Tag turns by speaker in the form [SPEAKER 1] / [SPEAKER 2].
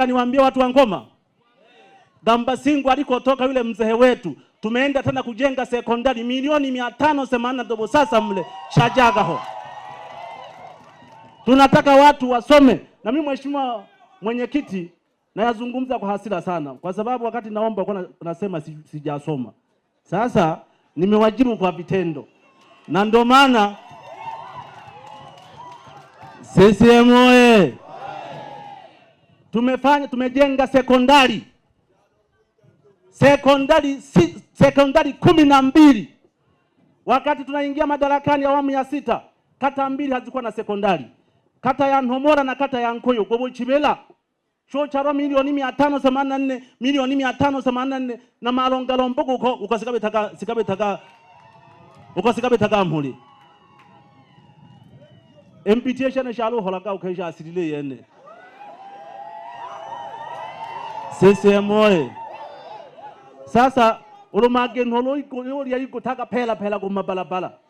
[SPEAKER 1] nataka niwaambie watu wa Ngoma, Gambasingu alikotoka yule mzee wetu, tumeenda tena kujenga sekondari milioni mia tano themanini dobo sasa mle shajagaho. Tunataka watu wasome. Na mimi mheshimiwa mwenyekiti, nayazungumza kwa hasira sana, kwa sababu wakati naomba kwa nasema sijasoma. Sasa nimewajibu kwa vitendo, na ndio maana CCM tumefanya tumejenga sekondari sekondari si, sekondari kumi na mbili. Wakati tunaingia madarakani awamu ya sita, kata mbili hazikuwa na sekondari, kata ya Nhomora na kata ya Nkoyo Gobochimela chuo cha Roma milioni 584 milioni 584 na malongalombogo uko ukasikabe taka sikabe taka ukasikabe taka mpuli mpitishane shalo holaka ukesha asirile yene CCM oye! Sasa urumagentu ruriko ruriya rigutaka pelaphela ku mabalabala